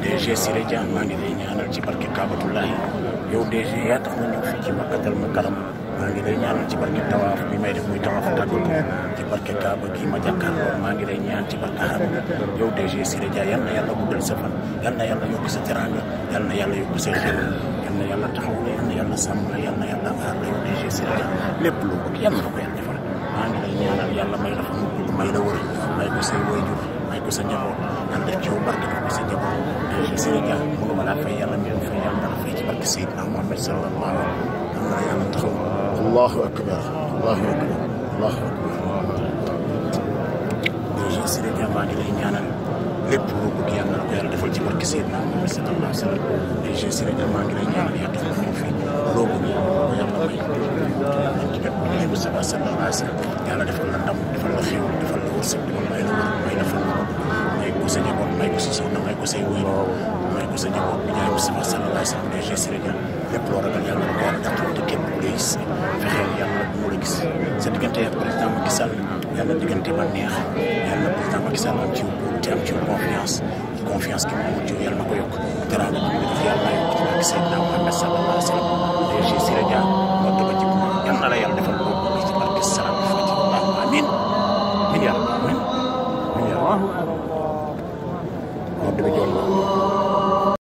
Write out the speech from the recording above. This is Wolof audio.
DG Siré Dia maa ngi lay ñaanal ci barke Kaabatullaahi yow DG yaa tax ma ñëw fii ci Makkatal Mukarrama maa ngi lay ñaanal ci barke tawaaf bi may def muy tawaaf tàggu ko ci barke Kaaba ma jàkkaarloo maa ngi lay ñaan ci barke xaram yow DG Siré Dia yal na yàlla guddal sa fan yal na yàlla yokk sa taxaw la yal lu bëgg yal na ko may la wër may ko say waajur may ko sa njaboot yàlla def ci yow barke fii ci Sénégal bëgguma laa fay yàlla mbiram fay yàlla dara fay ci barke Seydina Muhammad sallallahu alayhi wa sallam yàlla na yàlla taxaw allahu akbar allahu akbar allahu akbar dèjà Sénégal maa ngi lay ñaanal lépp loo bëgg yàlla na ko yàlla defal ci barke Seydina Muhammad sallallahu alayhi wa sallam dèjà Sénégal maa ngi lay ñaanal yàlla defal ñu fi loo bëgg yàlla may ci bépp ñëw sallallahu alayhi wa sallam yàlla defal la ndam defal la xew defal la wërsëg defal la ay say wéy mooy ko sa njaboot bi jaay Mustafa sallallahu alayhi wa sallam day xees rek lépp loo ragal yàlla na ko yàlla dàqal te kenn ku lay gis fexeel yàlla bu la gis sa diggante ak président Macky Sall yàlla diggante ba neex yàlla président Macky Sall am ci te am ci confiance confiance ki moom ci yàlla na ko yokk dara la ko def yàlla yokk ci barke Seydina Muhammad sallallahu alayhi wa sallam day xees rek moo dama ci yàlla la yàlla defal loolu ci barke salaam fatiha amin min yàlla amin min yàlla